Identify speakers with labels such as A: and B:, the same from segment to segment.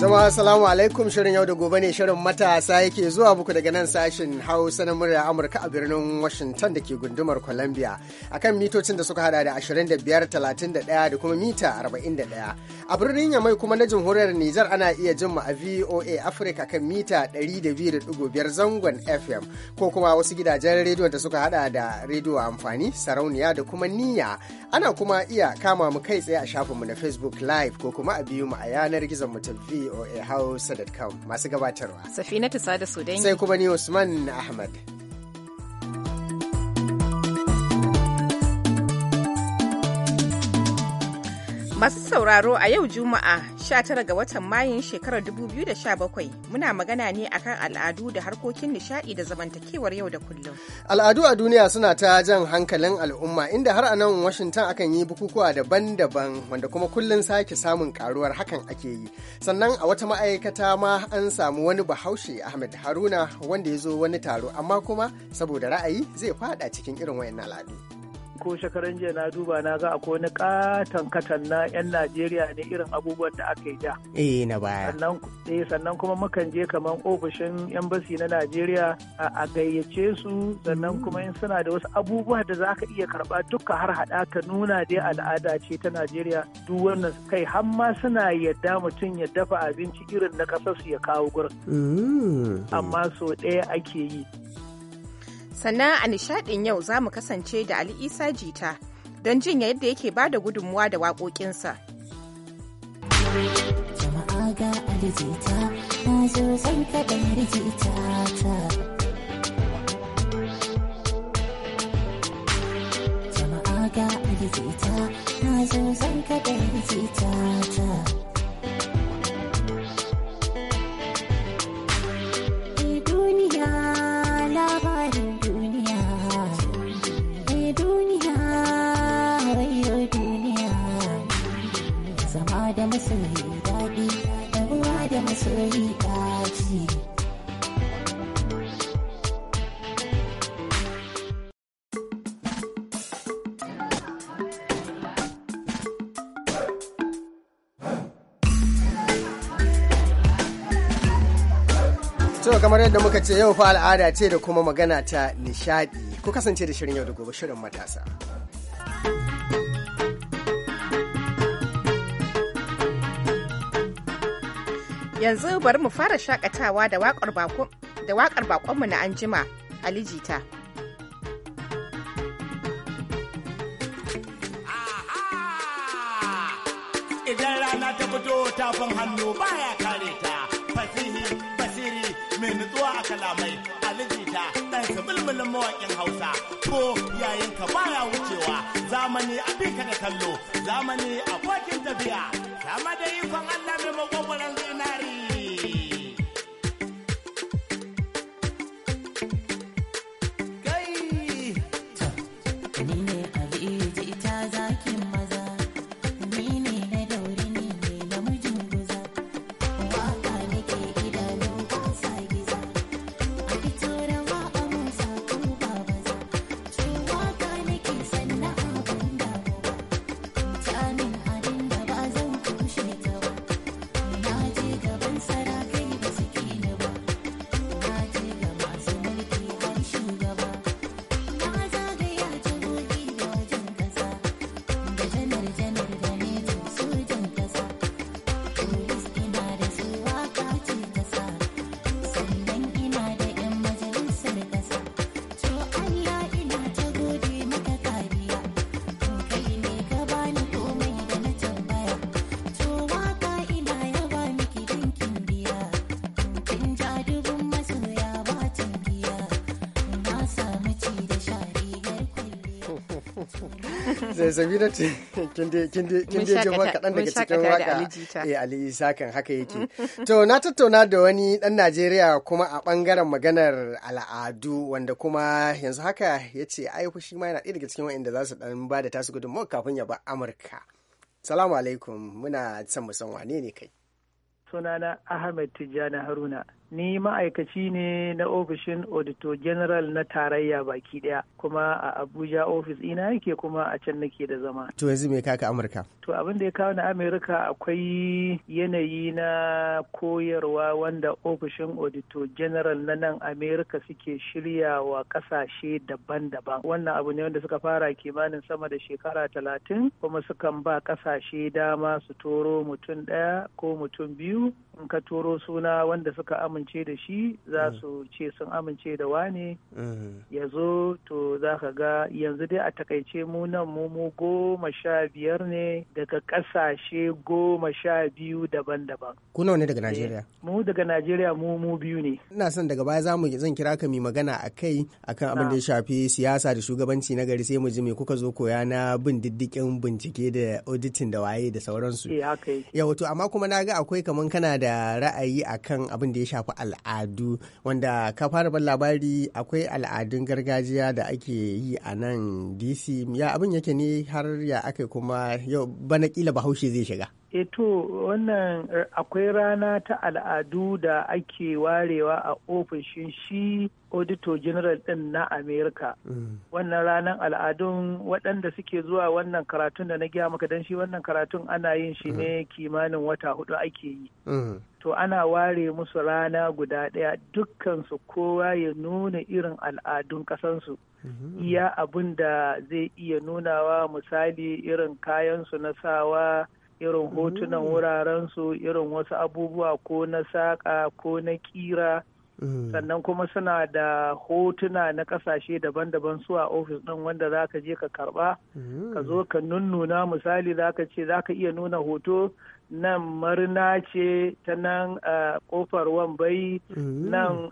A: Jama'a salamu alaikum shirin yau da gobe ne shirin matasa yake zuwa buku daga nan sashen Hausa na murya Amurka a birnin Washington da ke gundumar Columbia akan mitocin da suka hada da 25, 31 da kuma mita 41. A birnin Yamai kuma na jamhuriyar Nijar ana iya jin mu a VOA Africa kan mita 200.5 zangon FM ko kuma wasu gidajen rediyon da suka hada da rediyo amfani, sarauniya da kuma niyya. Ana kuma iya kama mu kai tsaye a shafinmu na Facebook Live ko kuma a biyu mu a yanar gizon mu ta voahausa.com masu gabatarwa.
B: Safina Tusa da Sai
A: kuma ni Usman
B: Ahmad. Masu sauraro a yau Juma'a 19 ga watan Mayun shekarar 2017 muna magana ne akan al'adu da harkokin nishadi da zamantakewar yau da kullum.
A: Al'adu a duniya suna ta jan hankalin al'umma inda har a nan Washington akan yi bukukuwa daban-daban wanda kuma kullum sake samun karuwar hakan ake yi. Sannan a wata ma'aikata ma an samu wani bahaushe Ahmed Haruna wanda ya zo wani taro amma kuma saboda ra'ayi zai faɗa cikin irin wayannan al'adu. ko shekaran jiya na duba na ga akwai wani katon katan na 'yan Najeriya ne irin abubuwan da aka yi da. Eh na baya.
C: Sannan eh, kuma mukan je kamar ofishin 'yan na Najeriya a gayyace su sannan kuma in suna da wasu abubuwa da za ka iya karba duka har haɗa ka nuna dai al'ada ce ta Najeriya duk wannan kai har ma suna yadda mutum ya dafa abinci irin na su
B: ya kawo gurin.
D: Mm.
B: Amma so ɗaya ake yi. Sannan a nishaɗin yau za mu kasance da Ali Isa Jita don jin yadda yake ba da gudunmuwa da waƙoƙinsa.
E: Jama'a ga Ali Jita, na zo zan kaɗa Jita ta. Jama'a ga Ali Jita, na zo zan kaɗa Jita ta. mai da ɗaci.
A: kamar yadda muka ce yau fa al'ada ce da kuma magana ta nishadi ku kasance da shirin yau da gobe shirin matasa.
B: Yanzu bari mu fara shakatawa da waƙar bakonmu na anjima Ali Jita. Idan rana ta fito tafin hannu
C: baya kare ta, fasihi, fasiri mai nutsuwa a kalamai, alijita Jita, ɗansa bulbulin mawaƙin Hausa, ko ka baya wucewa zamani a bika da kallo zamani abokin tafiya
A: sama da ikon Allah
C: mai magwagwaran zinari
A: zazzabi da kin je jin kaɗan daga cikin waka eh ali isa haka yake to na tattauna da wani ɗan najeriya kuma a ɓangaren maganar al'adu wanda kuma yanzu haka ya ce ai shi ma yana ɗaya daga cikin wanda za su ɗan ba da tasu gudunmawar kafin ya ba amurka salamu alaikum muna son mu san wane ne kai sunana ahmed tijjani haruna ni ma'aikaci ne na ofishin auditor
C: general na tarayya baki daya kuma a abuja ofis ina yake kuma a can nake da zama
A: to yanzu me kaka amurka
C: to abin da ya kawo na amurka akwai yanayi na koyarwa wanda ofishin auditor general na nan amurka suke shirya wa kasashe daban-daban wannan abu ne wanda suka fara kimanin sama da shekara talatin kuma sukan ba kasashe dama su toro mutum daya ko mutum biyu in ka turo suna wanda suka amince da shi za mm. su ce sun amince da wane mm. ya zo to za ka ga yanzu dai a takaice mu nan mu mu goma sha biyar ne daga kasashe goma sha biyu daban-daban.
A: Kuna wani daga eh, Najeriya? Mu daga Najeriya mu mu biyu ne. Ina son daga baya za mu zan kira ka mai magana a kai akan abin da ya shafi siyasa da shugabanci na gari sai mu ji me kuka zo koya na bin diddikin bincike da auditing da waye da sauransu. Eh haka amma kuma na ga akwai kamar kana da da ra'ayi akan abin da ya shafi al'adu wanda ka fara ban labari akwai al'adun gargajiya da ake yi a nan dc ya abin yake ne har ya aka kuma yau bana kila bahaushe zai shiga
C: eto eh, wannan eh, akwai rana ta al'adu da ake warewa a ofishin shi auditor general din na america mm. wannan ranar al'adun waɗanda suke zuwa wannan karatun da na gaya maka don shi wannan karatun ana yin shi ne mm. kimanin wata hudu ake yi mm. to ana ware musu rana guda ɗaya dukkansu kowa ya nuna irin al'adun ƙasansu mm-hmm. iya abin da zai iya nunawa misali irin kayansu na sawa irin mm. hotunan wuraren su irin wasu abubuwa ko na saƙa ko na kira
D: mm. sannan
C: kuma suna da hotuna na kasashe daban-daban su a ofis ɗin wanda za ka je ka karba mm. ka zo ka nunnuna misali za ka ce za ka iya nuna hoto nan marina ce ta nan kofar wambai nan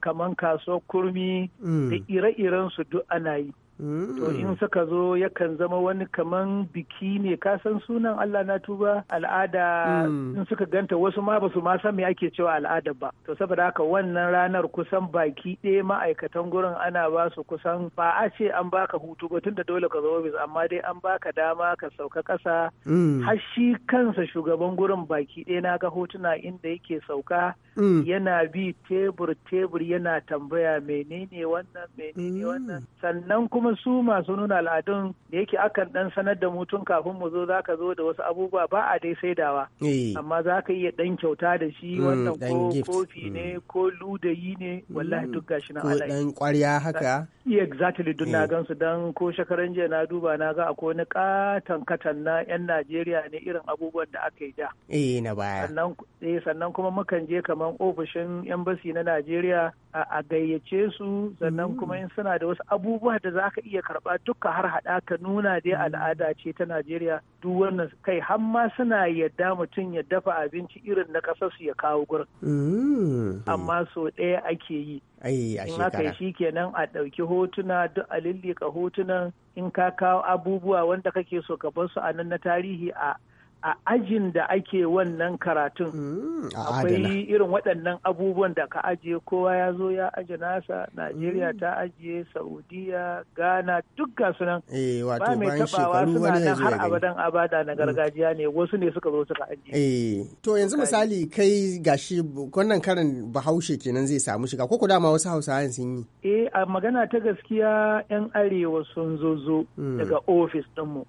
C: kaman kasuwar kurmi da ire-iren su duk ana yi Mm. To in suka zo yakan zama wani kaman biki ne Ka san sunan Allah na tuba al'ada mm. in suka ganta wasu ma basu ma san me ake cewa al'ada ba. To saboda haka wannan ranar kusan baki ɗaya ma'aikatan gurin ana ba su kusan ba a ce an baka hutu ba tunda dole ka zo ofis amma dai an baka dama ka sauka kasa. Mm. Har shi kansa shugaban gurin baki ɗaya na ga hotuna inda yake sauka
D: yana
C: bi tebur tebur yana tambaya menene wannan menene wannan sannan kuma kuma su masu nuna al'adun da yake akan dan sanar da mutum kafin mu zo za ka zo da wasu abubuwa ba a dai saidawa eh. amma za ka iya dan kyauta da shi mm, wannan ko kofi ne mm. ko ludayi ne wallahi mm. duk gashi na alai dan
A: kwarya haka
C: iya exactly duk na eh. gansu dan ko shekaran jiya na duba na ga akwai wani katan katan na yan Najeriya ne irin abubuwan da aka yi da
A: eh na baya
C: sannan eh sannan kuma mukan je kaman ofishin embassy na Najeriya a gayyace su sannan kuma in suna da wasu abubuwa da za ka iya karɓa duka har haɗa ka nuna dai mm. al'ada ce ta Najeriya duk wannan kai har ma suna yadda mutum ya dafa abinci irin na su ya kawo gurin.
A: Mm. Amma
C: so ɗaya ake yi.
A: in a shi
C: kenan a ɗauki hotuna duk a lillika hotunan in ka kawo abubuwa wanda kake so ka bar su a nan na tarihi a a ajin da ake wannan karatun mm, akwai irin waɗannan abubuwan da ka ajiye kowa ya zo ya aje nasa najeriya mm. ta ajiye saudiya ghana duk ga sunan eh, ba mai tabawa suna nan har abadan abada na mm. gargajiya ne wasu ne suka zo suka ajiye
A: eh, to yanzu misali kai gashi wannan karin bahaushe kenan zai samu shiga ko dama wasu Hausawa sun
C: yi eh a magana ta gaskiya yan arewa sun zo daga ofis ɗinmu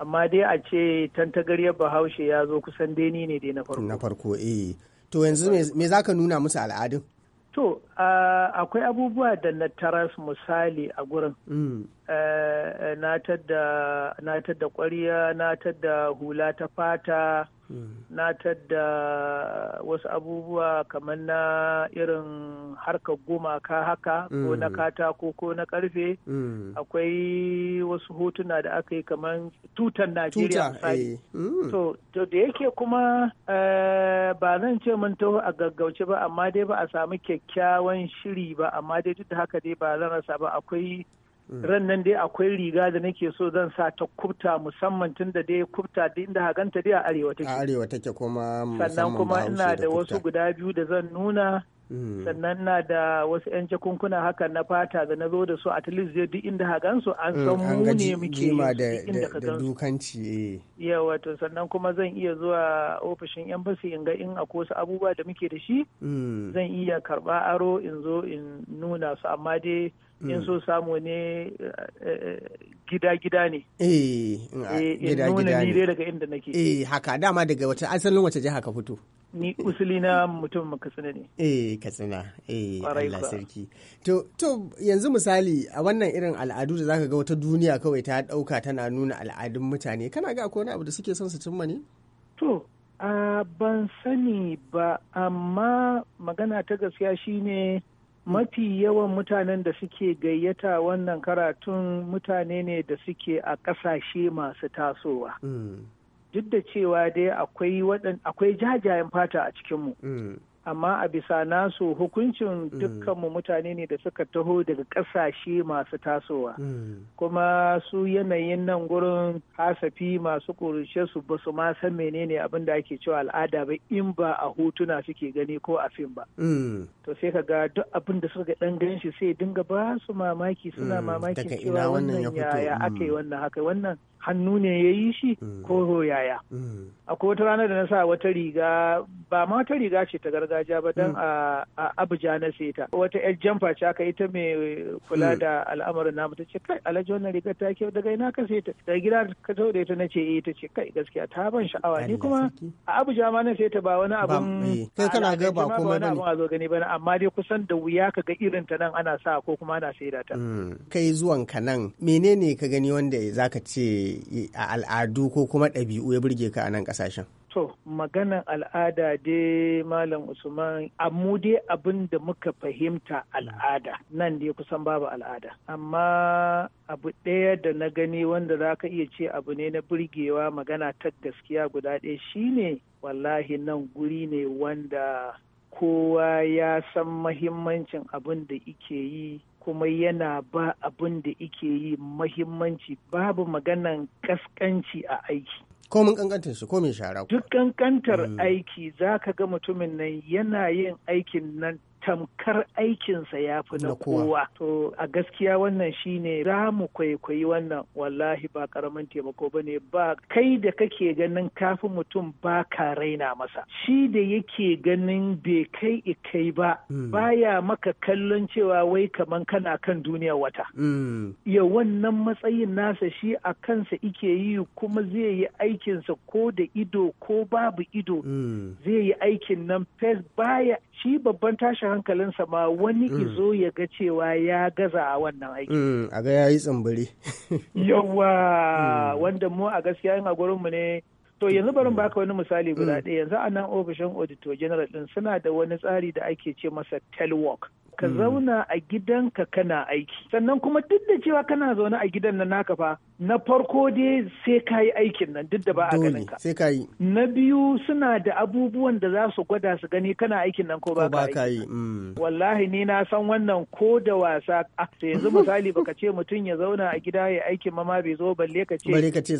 C: amma dai a ce tantagariyar bahaushe ya zo kusan deni ne dai na farko
A: na farko eh to yanzu me za ka nuna musu al'adun
C: to akwai abubuwa da na taras misali a gurin mm. eh, eh, na tadda kwariya na tadda hula ta fata na tadda wasu abubuwa kamar na irin harkar gumaka haka ko mm. na katako ko na karfe mm. akwai wasu hotuna da aka yi kamar tutan najeriya eh. mm. to da yake kuma eh, ba zan ce mun taho a gaggauce ba amma dai ba a samu kyakkyawan shiri ba amma dai duk da haka dai ba zan rasa ba akwai ran nan dai akwai riga da nake so zan sa ta kubta musamman tun da dai kubta da inda haganta dai a arewa take a
A: arewa take kuma sannan kuma ina da wasu
C: guda biyu da zan nuna hmm. sannan na da wasu 'yan jakunkuna hakan na fata da na zo da su at least zai duk inda hagan su an san hmm, mu ne muke inda ka da
A: dukanci eh.
C: yawa wato sannan kuma zan iya zuwa ofishin yan fasi in ga in akwai wasu abubuwa da muke da shi
A: hmm. zan
C: iya karba aro in zo in nuna su amma dai in mm. so samu ne eh, eh, gida-gida ne eh, eh gida-gida ne nuna ni dai daga inda nake eh
A: haka dama daga wata asalin wace jiha ka fito ni usuli na mutum katsina ne eh katsina eh Allah sarki to to yanzu misali a wannan irin al'adu da zaka ga wata duniya kawai ta dauka tana nuna al'adun mutane kana ga akwai wani abu da suke son su cimma ne to a ban sani
C: ba amma magana ta gaskiya shine mafi yawan mutanen da suke gayyata wannan karatun mutane ne da suke a ƙasashe masu tasowa mm. duk da cewa dai akwai jajayen fata a cikinmu mm. amma a bisa nasu hukuncin mm. dukkanmu mutane ne da suka taho daga kasashe masu tasowa mm. kuma su yanayin nan gurin hasafi masu ƙurushe su ba su ma san menene abin da ake cewa al'ada ba in ba a hotuna suke gani ko a fim ba mm. to sai ka ga duk abin da suka dan gan shi sai dinga ba su mamaki suna mamakin cewa wannan yaya aka yi wannan haka wannan hannu ne ya yi shi ko yaya akwai wata rana da na sa wata riga ba ma wata riga ce ta gargara. gargajiya ba dan mm. a abuja na seta wata yar jamfa ce aka yi ta mai kula mm. da al'amarin namu ta ce kai alhaji wannan rigar ta kyau daga ina ka seta daga gida ka zo ta na ce eh ta ce kai gaskiya ta ban sha'awa ni kuma a abuja ma na seta ba wani abun eh, kai kana ga ba komai bane ba zo gani bane amma dai kusan da wuya ka ga irin ta nan ana sa ko kuma ana saida ta
A: mm. kai zuwan ka nan menene ka gani wanda zaka ce a al'adu ko kuma ɗabi'u ya burge ka a nan ƙasashen
C: To, maganan al'ada dai Malam Usman, amma dai abin da muka fahimta al'ada, nan dai kusan babu al'ada. Amma abu ɗaya da na gani wanda za ka iya ce abu ne na burgewa magana ta gaskiya guda ɗaya shine wallahi nan guri ne wanda kowa ya san mahimmancin abin da ike yi kuma yana ba abin da ike yi mahimmanci babu maganan kaskanci a aiki.
A: ko mun kankantar su ko mai shara duk kankantar hmm.
C: aiki za ka ga mutumin nan yana yin aikin nan tamkar aikinsa ya fi na kowa. To a gaskiya wannan shi ne. za mu kwaikwayi wannan wallahi ba karamin taimako ba ne ba kai da kake ganin kafin mutum ba ka raina masa. Shi da yake ganin bai kai ikai ba hmm. baya maka kallon cewa wai kaman kana kan duniya wata.
D: Hmm.
C: Ya wannan matsayin nasa shi a kansa ike yi kuma zai yi aikinsa ko da ido ko babu ido. Hmm. Zai yi aikin nan fes baya shi babban tashin hankalinsa ma wani mm. izo ya ga cewa ya gaza a wannan aiki.
A: Mm, a ga ya yi tsambari. Yawwa
C: mm. wanda mu a gaskiya yin a gurinmu ne. To yanzu barin baka wani misali guda ɗaya yanzu a nan ofishin auditor general ɗin suna da wani tsari da ake ce masa telework. ka mm. zauna a gidanka kana aiki sannan kuma duk da cewa kana zaune a gidan nan naka fa na farko dai sai ka yi aikin nan duk da ba a ganin ka sai ka yi na biyu suna da abubuwan da za su gwada su gani kana aikin nan ko ba ka yi mm. wallahi ni na san wannan ko da wasa a ah, yanzu misali baka ce mutum ya zauna a gida ya aikin ma bai zo balle ka ce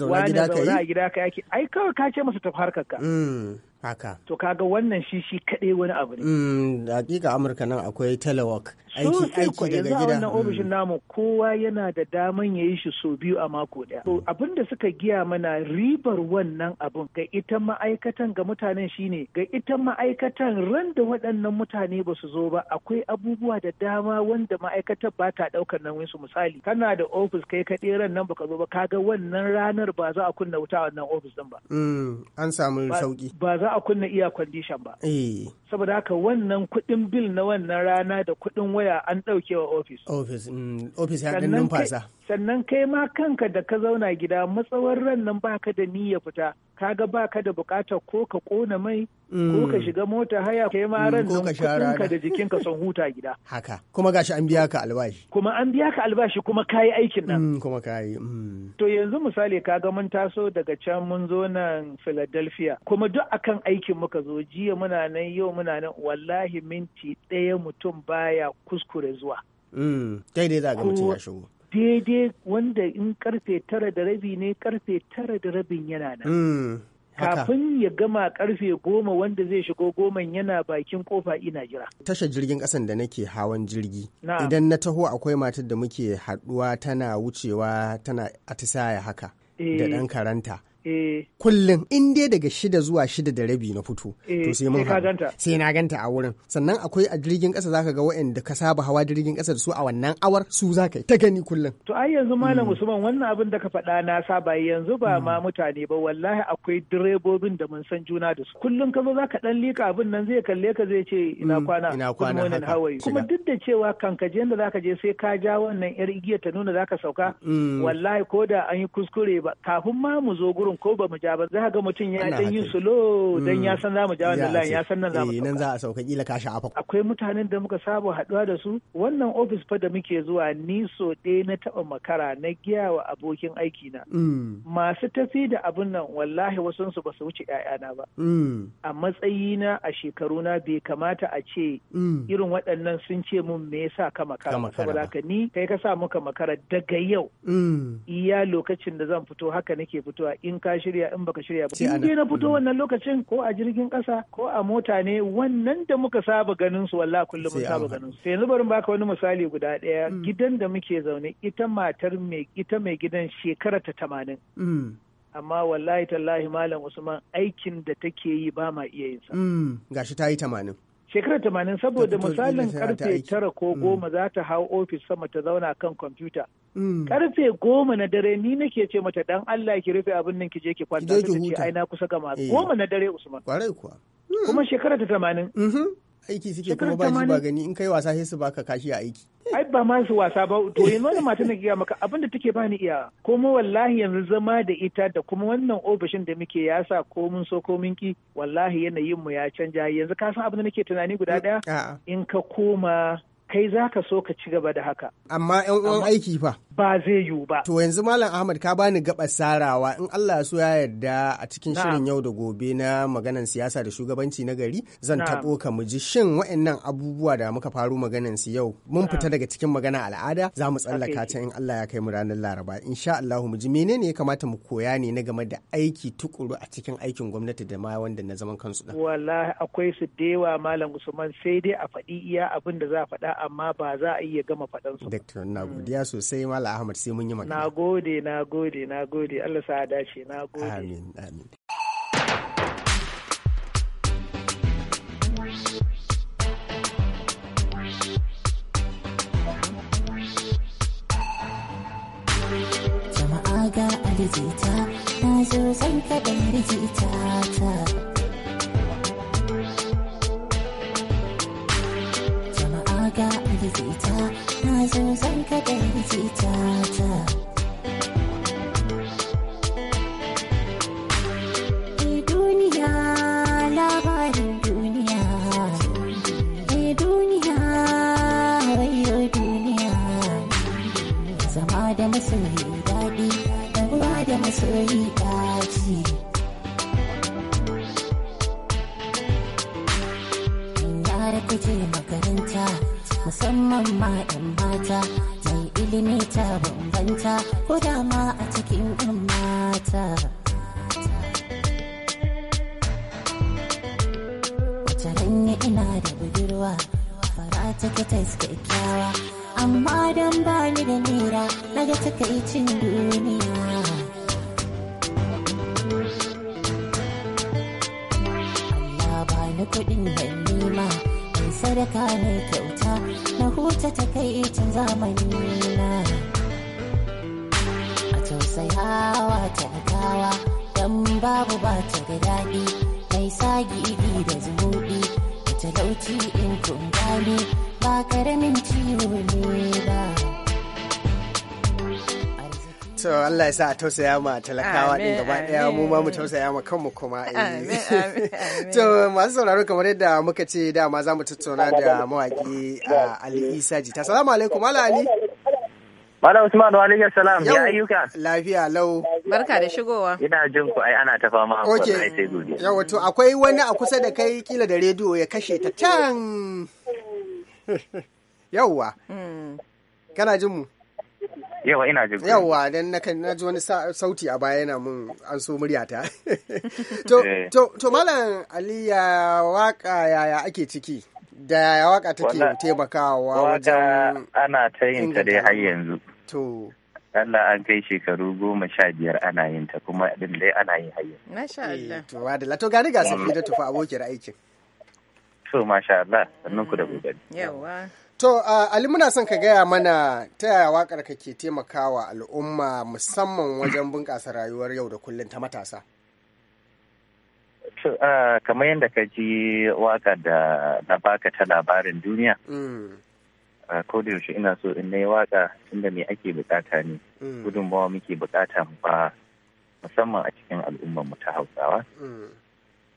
C: wani zauna a gida ka yi. ai kawai ka ce masa tafi harkar ka
A: mm. Haka.
C: To kaga wannan
A: shi shi kaɗai wani abu ne. Mm, hakika Amurka nan akwai telework. Aiki aiki daga gida. Yanzu wannan ofishin
C: mm. namu kowa yana da daman ya yi shi sau biyu a mako ɗaya. To mm. abin da suka giya mana ribar wannan abun ga ita ma'aikatan ga mutanen shine ga ita ma'aikatan ran da waɗannan mutane ba su zo ba akwai abubuwa da dama wanda ma'aikatar ba ta ɗaukar nauyin su misali kana da ofis kai kaɗai ran nan baka zo ba kaga wannan ranar ba za a kunna wuta wannan ofis ɗin ba.
A: An samu sauƙi.
C: Ba za a kunna iya kwandishan ba. Eh. Saboda haka wannan kuɗin bil na wannan rana da kuɗin waya an ɗauke wa ofis.
A: Ofis, mm, ya ɗan numfasa.
C: Sannan kai ma kanka da ka zauna gida matsawar ran nan baka da niyya fita. ga ba ka da bukatar ko ka kona mai ko mm. ka shiga mota haya kai ma ran mm, nan ka da jikinka son huta gida
A: haka kuma gashi an biya ka albashi kuma an biya ka albashi kuma kayi aikin nan mm, kuma kayi to yanzu misali kaga mun
C: taso daga can mun zo nan Philadelphia kuma duk akan aikin muka zo jiya muna nan yau muna nan wallahi minti ɗaya mutum baya kuskure zuwa Mm,
A: dai za ga mutum ya shigo.
C: daidai wanda in karfe tara da rabi ne karfe tara da rabin yana nan
A: hmm, kafin
C: ya gama karfe goma wanda zai shigo goman yana bakin kofa ina jira.
A: tasha jirgin kasan da nake hawan jirgi. Idan na taho akwai matar da muke haduwa tana wucewa tana atisaya haka da dan eh. karanta. Eh. kullum in dai daga shida zuwa shida da rabi na fito to eh, sai mun sai na ganta a wurin sannan akwai a jirgin kasa zaka ga waɗanda ka saba hawa jirgin kasa da su a wannan awar su zaka yi ta gani kullum to ai yanzu malam mm. Usman wannan abin da ka faɗa na saba yanzu
C: ba mm. ma mutane ba wallahi akwai direbobin da mun san juna da su kullum ka zo zaka dan lika abin nan zai kalle ka zai ce
A: ina mm, kwana ina kwana kuma
C: duk da cewa kankajen da zaka je sai ka ja wannan yar igiya ta nuna zaka sauka wallahi ko da an yi kuskure ba kafin ma mu zo gurin layin ko ba mu ja ba za ga mutum ya dan yin solo dan ya san za mu ja wannan layin ya san nan za mu eh, nan za a sauka kila ka shafa akwai mutanen da muka saba haduwa da su wannan office fa da muke zuwa ni so ɗaya na taba makara na giya wa abokin aiki na mm. masu tafi da abun nan wallahi wasu su ba su wuce na ba mm. a matsayina a shekaru na bai kamata a ce mm. irin waɗannan sun ce mun me yasa ka makara saboda ka ni kai ka sa muka makara daga yau iya lokacin da zan fito haka nake fitowa in ka shirya in baka shirya ba in na fito mm. wannan lokacin ko a jirgin kasa ko a mota ne wannan da muka saba ganin su wallahi kullum mun saba ganin su yanzu bari baka wani misali guda ɗaya mm. gidan da muke zaune ita matar mai ita mai gidan shekara ta tamanin. Mm. amma wallahi tallahi malam usman aikin da take yi ba ma iya yin
A: sa gashi ta yi tamanin.
C: shekara tamanin
A: saboda misalin karfe
C: tara ko mm. goma za ta hau ofis sama ta zauna kan kwamfuta mm. karfe goma na dare ni nake ce mata dan Allah ki rufe
A: abin nan ki je ki kwanta ta ce ai na kusa gama eh. goma na dare Usman mm. kuma shekara ta tamanin mm-hmm. aiki suke kuma ba shi ba gani in kai wasa sai su baka kashi a aiki ai ba ma
C: su wasa ba to yanzu wannan matan da giya maka abin da take ni iya
A: kuma wallahi yanzu zama da ita
C: da kuma wannan ofishin da muke ya sa ko mun so ko mun ki wallahi yanayin mu ya canja yanzu ka san abin da nake tunani guda daya mm, in ka koma kai zaka so ka ci gaba da haka
A: amma yan uwan aiki fa ba zai yiwu ba. To yanzu Malam Ahmad ka bani gaba sarawa in Allah so ya yarda a cikin shirin yau da gobe na maganan siyasa da shugabanci na gari zan taɓo ka mu ji shin wa'annan abubuwa da muka faru maganan su yau mun fita daga cikin magana al'ada za mu tsallaka ta in Allah ya kai mu ranar Laraba insha Allah mu ji menene ya kamata mu koya ne na game da aiki tukuru a cikin aikin gwamnati da ma wanda na zaman kansu da.
C: Wallahi akwai su dewa Malam Usman sai dai a faɗi iya abin da za a faɗa amma ba za a iya gama faɗansu.
A: Doctor na mm. godiya sosai Malam Malam Ahmad sai mun yi magana. Na gode, na gode, na gode. Allah sa dace, na gode. Amin, amin.
E: Jama'a ga alijita, na zo zan kaɗa ta. jita na zo zan kaɗa jita ta duniya labarin duniya duniya rayo duniya zama da masoyi daɗi da da masoyi daji musamman mamma 'yan mata mai ilimi ta bambanta ko dama a cikin 'yan mata wace ina da budurwa fara ta ta kyakkyawa amma don ba ni da nira naga takaicin duniya Allah ba ni kuɗin ban nima sadaka ne kyauta na huta ta kai cin zamani na a tausayawa talakawa don babu ba ta da daɗi mai sagi da da talauci in kun gani ba karamin ciwo ne ba
A: so Allah ya sa a tausaya ma talakawa din gaba daya mu ma mu tausaya ma kanmu kuma eh. to masu sauraro kamar yadda muka ce dama za mu tattauna da mawaki Ali Isa Jita salamu alaikum ala Ali Bala Usman wa alaikum salam ya
B: ayyuka lafiya lau barka da shigowa
F: ina jin ku ai ana ta fama gobe
A: yawa to akwai wani a kusa da kai kila da rediyo ya kashe ta can yawwa hmm. kana jin mu
F: yawa ina jin yawa
A: dan na kan naji wani sauti a baya yana mun an so muryata to eh. to to malam aliya waka yaya ake ciki da yaya waka take taimakawa
F: wajen ana ta yin ta dai har yanzu to Allah an kai shekaru goma sha biyar ana yin ta kuma din dai ana yin har yanzu
B: masha eh, Allah
A: to wadala to gari ga safi da mm. tufa abokin aikin
F: to masha Allah sannan ku da gobe
B: yawa
A: To, uh, Ali muna son ka gaya mana ta yaya waƙar ka ke taimakawa al'umma musamman wajen bunƙasa rayuwar yau da kullum ta matasa.
F: To, uh, kamar yadda ka ji waƙa da na baka ta labarin duniya. Mm. Uh, ko da yaushe ina so in yi waƙa tunda me ake bukata ne. Mm. bawa muke bukata ba musamman a cikin al'ummar mu ta Hausawa. Mm.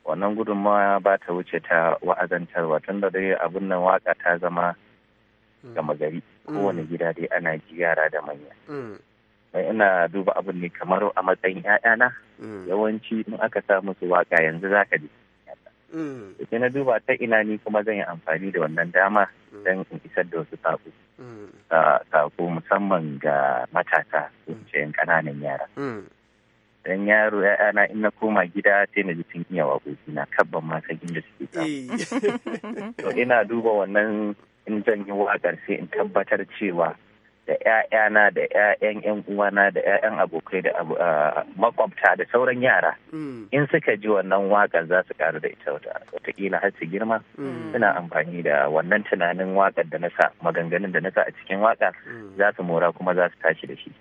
F: Wannan gudunmawa ba ta wuce ta wa'azantarwa tunda dai abin nan waƙa ta zama gama gari kowane mm. gida dai ana ji yara da manya mm. mai ina duba abin ne kamar a matsayin ƴaƴana mm. yawanci in aka sa musu waka yanzu zaka ji sai na duba ta ina ni kuma zan yi amfani da wannan dama don in isar da wasu sako sako musamman ga matasa ko yan ƙananan yara dan yaro ya'yana in na koma gida sai na ji sun iya waƙoƙi na kabban ma gina inda suke
D: to
F: ina duba wannan in zan yi waƙar sai in tabbatar cewa da 'ya'yana da 'ya'yan 'yan uwana da 'ya'yan abokai da makwabta da sauran yara mm. in suka ji wannan waƙar za su karu da ita wataƙila har su girma mm. suna amfani da wannan tunanin waƙar da na sa maganganun da na sa a cikin waƙar mm. za su mora kuma za su tashi da shi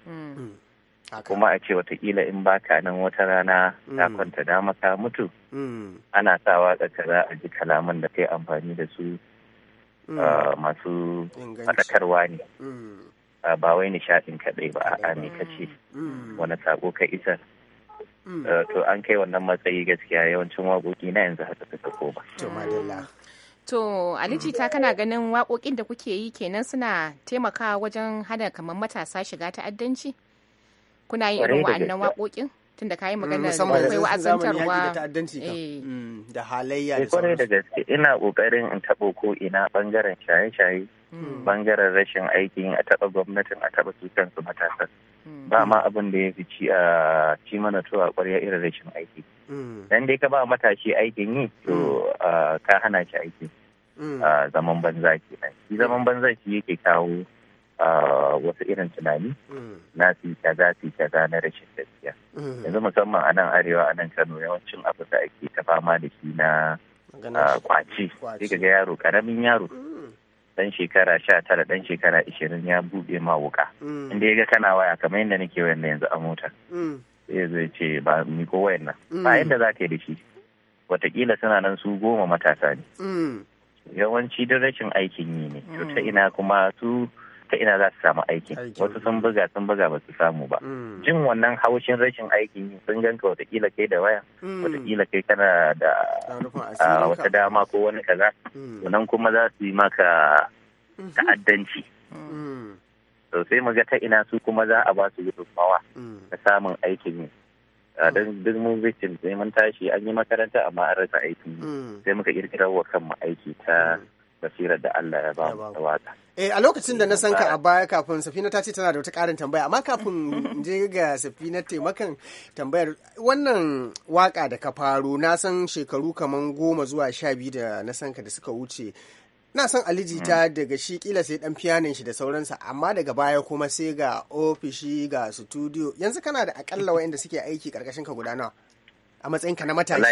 F: kuma a ce wataƙila in baka nan wata rana ta kwanta dama ka mutu ana sa waƙar ka za a ji kalaman da kai amfani da su Mm. Ah, masu matakarwa ne mm. ah, ba wai nishaɗin kaɗai ba a ne ka ce mm. wani sako ka isa ah, to an kai wannan matsayi gaskiya yawancin waƙoƙi na yanzu haka suka koma.
B: To Aliji ta kana ganin waƙoƙin da kuke yi kenan suna taimakawa wajen hana kamar matasa shiga ta'addanci? Kuna yin irin wa'annan waƙoƙin? tunda kayi magana akwai wa'azantarwa
A: eh. mm, da halayya da eh, kwarai da gaske ina
F: kokarin in tabo ko ina bangaren shaye-shaye bangaren mm. rashin aiki a taba gwamnatin a taba su kansu matasan
D: mm. ba ma
F: abin da ya fi ci a ci mana to a kwarya irin rashin aiki dan dai ka ba matashi aikin yi to ka hana shi aiki zaman banza ki zaman banza shi yake kawo wasu irin tunani mm. na fi kaza fi kaza na rashin gaskiya mm. yanzu musamman a nan arewa a nan kano yawancin abu da ake ta fama da shi na kwaci sai ga yaro karamin yaro dan mm. shekara sha tara dan shekara ishirin ya buɗe ma wuka inda ya ga kana waya kamar yadda nake wayan yanzu a mota sai zai ce ba ni ko wayan nan ba yadda za ka yi da shi watakila suna nan su goma matasa
D: ne
F: yawanci duk rashin aikin yi ne to ta ina kuma su ta ina za su samu aiki wasu sun buga sun buga ba su samu ba mm. jin wannan haushin rashin aiki sun ganka watakila kai da waya
D: mm. watakila
F: kai kana da ah, wata dama ko wani kaza wannan mm. kuma za su yi maka mm-hmm. ta'addanci sosai mu ga ta ina su kuma za a ba su yi gudunmawa na samun aikin yi ah, don duk mun sai mun tashi an yi makaranta amma an rasa aikin sai muka kirkirar wa kanmu aiki ta basirar da Allah ya ba mu tawada.
A: Eh a lokacin da na san ka a baya kafin Safina ta ce tana da wata ƙarin tambaya amma kafin je ga Safina taimakan tambayar wannan waka da ka faro na san shekaru kamar goma zuwa sha biyu da na san ka da suka wuce na san aliji ta mm. daga shi kila sai dan fiyanin shi da sauransa amma daga baya kuma sai ga ofishi ga studio yanzu kana da akalla wayanda suke aiki karkashin ka guda a matsayin na matashi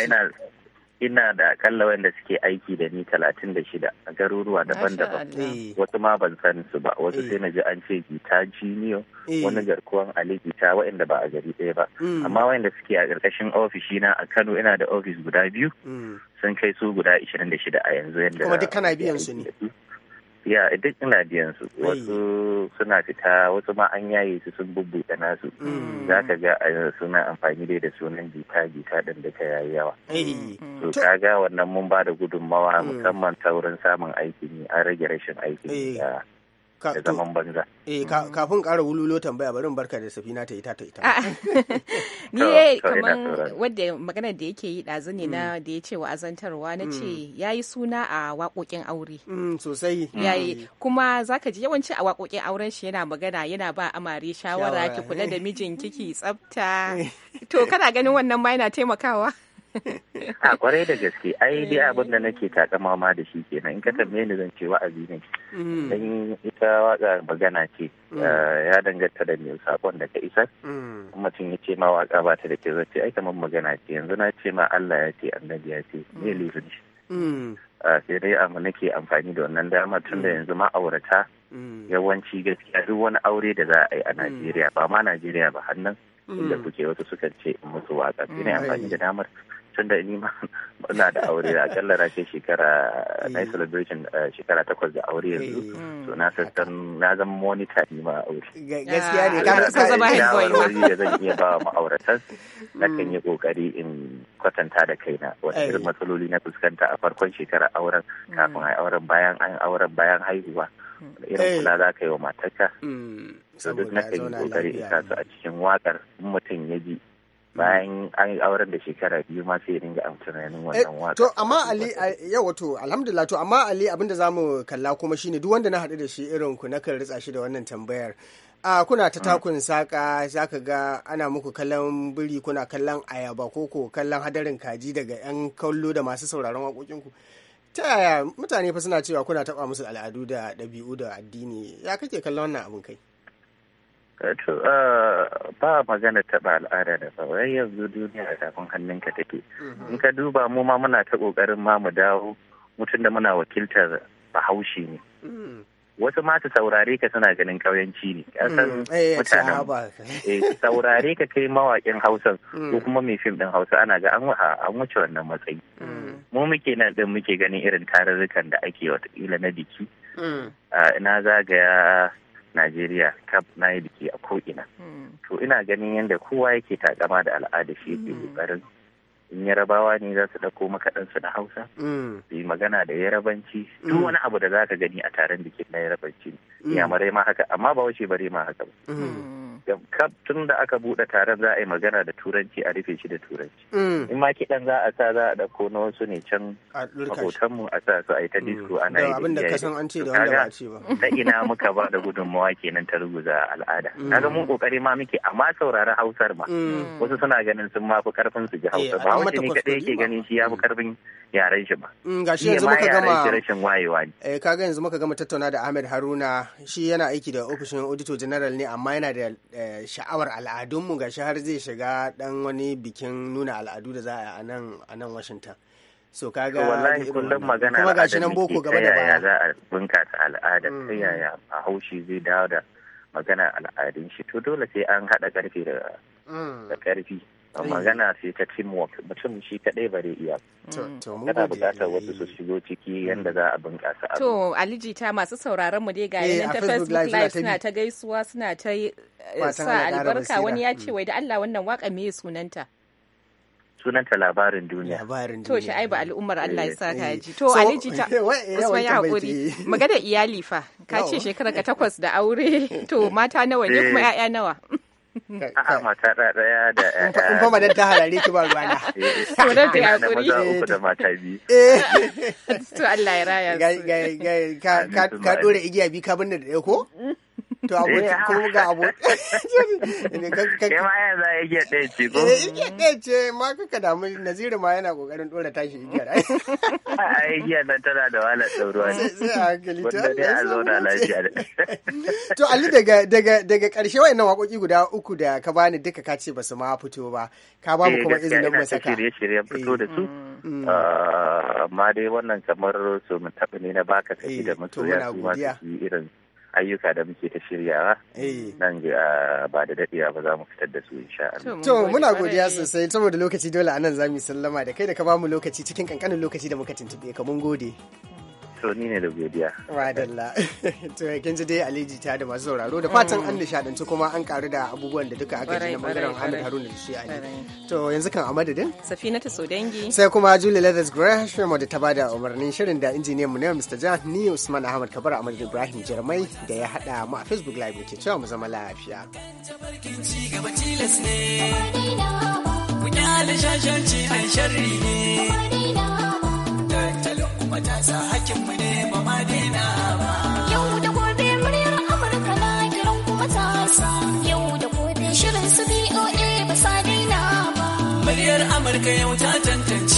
F: ina da akalla wanda suke aiki da ni talatin da shida a garuruwa daban-daban eh. wasu ma ban san su ba wasu eh. sai na ji an ce gita jiniyo eh. wani garkuwan ali gita waɗanda ba a gari ɗaya ba hmm. amma waɗanda suke a ƙarƙashin ofishi na a kano ina da ofis guda biyu hmm. sun kai su guda ishirin da shida a yanzu yadda kuma duk
A: kana biyan su ne
F: ya duk ina biyan su wasu suna fita wasu ma an yaye su sun bubbuɗe nasu mm. za ka ga suna amfani dai da sunan jika jika ɗin da ka yayi yawa
D: mm.
F: to ka ga wannan mun ba da gudunmawa mm. musamman ta wurin samun aikin yi an rage rashin aikin yi da zaman banza.
A: Eh, mm. kafin ƙara wululo tambaya bari in barka da safina ta ita ta ita. Ah. Ni eh kaman
B: wadda magana da yake yi ɗazu ne na mm. da ya ce wa azantarwa na mm. ce ya suna a wakokin aure. Sosai. Yayi kuma zaka ji yawanci a waƙoƙin auren shi yana magana yana ba amare shawara ki kula da mijinki ki tsafta. To kana ganin wannan ma yana taimakawa.
F: a kwarai da gaske ai dai eh. abin da nake takama ma da shi kenan in ka tambaye ni zan ce wa'azi ne mm. dan ita waka magana ce mm. ya danganta da mai sakon da ka isa mm. mutum ya ce ma waka ba ta da ke zace ai kamar magana ce yanzu na ce ma Allah ya ce annabi ya ce me laifin shi sai dai amma nake amfani da wannan dama tun da yanzu ma'aurata yawanci gaskiya duk wani aure da za a yi a Najeriya ba ma Najeriya ba hannan inda kuke wasu sukan ce in musu waka sai amfani da damar tun da ni na da aure akalla na kai shekara na yi eh. celebration eh, shekara takwas da aure yanzu eh, hmm. so na sassan na zama monitor ni ma aure
A: gaskiya ne ah, ka
F: ka zama head ma da zan iya ba ma'auratan na kan yi kokari hmm. in kwatanta da kaina wani irin matsaloli na fuskanta a farkon shekara auren hmm. kafin ai auren bayan an auren bayan haihuwa irin kula za ka yi wa matarka so duk na kan yi kokari in su a cikin wakar mutum ya ji bayan an yi auren da shekara biyu ma sai dinga amfani wannan eh, waka. To amma
A: Ali yau wato alhamdulillah to amma Ali abin da zamu kalla kuma shine duk wanda na haɗu da shi irin ku nakan ritsa shi da wannan tambayar. a kuna ta takun saka zaka ga ana muku kallon biri kuna kallon ayaba ko kallon hadarin kaji daga yan kallo da masu sauraron ku ta yaya mutane fa suna cewa kuna taɓa musu al'adu da ɗabi'u da addini ya kake kallon wannan abin kai
F: to uh, ba magana taɓa al'ada da sauran yanzu duniya a tafin hannunka take mhm. in ka duba mu ma muna ta ƙoƙarin ma mu dawo mutum da muna wakiltar bahaushe ne mm. wasu ma ta saurare ka suna ganin ƙauyanci ne mm, eh, mutanen eh, saurare ka kai mawaƙin hausan mm. ko kuma mai fim ɗin hausa ana ga an wuce wannan matsayi mu muke nan ɗin muke ganin irin tarurrukan da ake wata ila na biki na zagaya najeriya kaf na yi biki a ko ina to ina ganin yadda kowa yake takama da al'ada shi ke mm. ƙoƙarin in yarabawa ne za su ɗauko makaɗansu na hausa mm. su yi magana da yarabanci duk mm. wani abu da za ka gani a taron bikin na yarabanci yamarai haka amma ba wace bare ma haka ba kaf tun da aka buɗe taron za a yi magana da turanci a rufe shi da turanci mm. in ma kiɗan za a sa za a ɗauko na wasu ne can makotanmu a sa su a yi ta mm. disko ana yi abin da ka san an ce da wanda ba ce ba ta ina muka ba da gudunmawa kenan ta ruguza al'ada mm. ga mun kokari ma muke amma saurari hausar ma wasu suna ganin sun ma fi karfin su ji eh, Hausar. ba wani ne kaɗai yake ganin shi ya fi karfin yaren shi ba
A: gashi yanzu muka gama rashin wayewa ne eh kaga yanzu muka gama tattauna da Ahmed Haruna shi yana aiki da ofishin auditor general ne amma yana da Eh, sha'awar al'adunmu ga har zai shiga dan wani bikin nuna al'adu da za a yi a nan washington so kaga wallahi kullum magana kuma gashi nan boko gaba da baya za
F: a bunkasa al'ada ta mm. yaya haushi zai dawo da magana al'adun shi to dole sai an hada karfi da karfi mm. magana sai ta teamwork mutum shi kadai ba zai iya kana mm. bukatar wasu su shigo ciki mm. yadda za a bunƙasa abu to
B: aliji ta masu sauraron mu dai ga eh, yanan ta facebook live suna ta gaisuwa suna ta eh, sa albarka wani ya ce wai da Allah wannan waka me sunanta
F: sunanta labarin duniya. Labarin To shi ba
B: al'ummar Allah ya sa ka eh, ji. To Aliji ta Usman ya haƙuri. Magana iyali fa. Ka ce shekara ka takwas da aure. To mata nawa ne kuma 'ya'ya nawa.
F: A'a mata ɗaya da In fa madan ta harare
B: ki ba ruwana. Eh, to dan ta yakuri. Maza uku
A: da mata biyu.
B: Eh. To
A: Allah ya raya. Ga ka ka igiya bi ka binne da ɗaya ko? to wuce eh, ko ga abu ne ma yana
F: yake dace ko ko yake
A: dace ce ma kaka damu naziru ma yana kokarin dora tashi igiyar ai
F: igiyar nan tana da wala ɗauruwa ne sai a hankali ta wanda dai a da lafiya
A: to ali daga daga daga ƙarshe wayannan waƙoƙi guda uku da ka bani duka ka ce ba su ma fito ba ka ba mu eh, kuma izinin mu saka
F: shirye-shiryen fito eh. da su mm. ah, amma dai wannan kamar su mutabani taɓa ne na baka tafi da mutuwa su ma su irin ayyuka da muke ta shiryawa eh. nan eh, ba da dadewa ba za mu fitar da su insha Allah.
A: To muna godiya sosai saboda lokaci dole anan za mu sallama da kai da ka bamu lokaci cikin kankanin lokaci da muka tuntube ka mun gode.
F: to ni ne da godiya
A: madalla to kin ji dai aliji ta da masu sauraro da fatan an nishadanci kuma an karu da abubuwan da duka aka ji na bangaren Hamid Haruna da shi Ali to yanzu kan a madadin
B: Safina ta so dangi sai
A: kuma Julie Leathers Gresham da ta bada umarnin shirin da injiniyan mu ne Mr. Jah ni Usman Ahmad Kabara Ahmad Ibrahim Jarmai da ya hada mu a Facebook live muke cewa mu zama lafiya
E: Ku kyale shashanci an sharri ne matasa mu ne ba ma daina ba. Yau da gobe muryar Amurka na kiran ku matasa. Yau da gobe shirin su BOA ba sa daina ba.
C: Muryar Amurka yau ta tantance.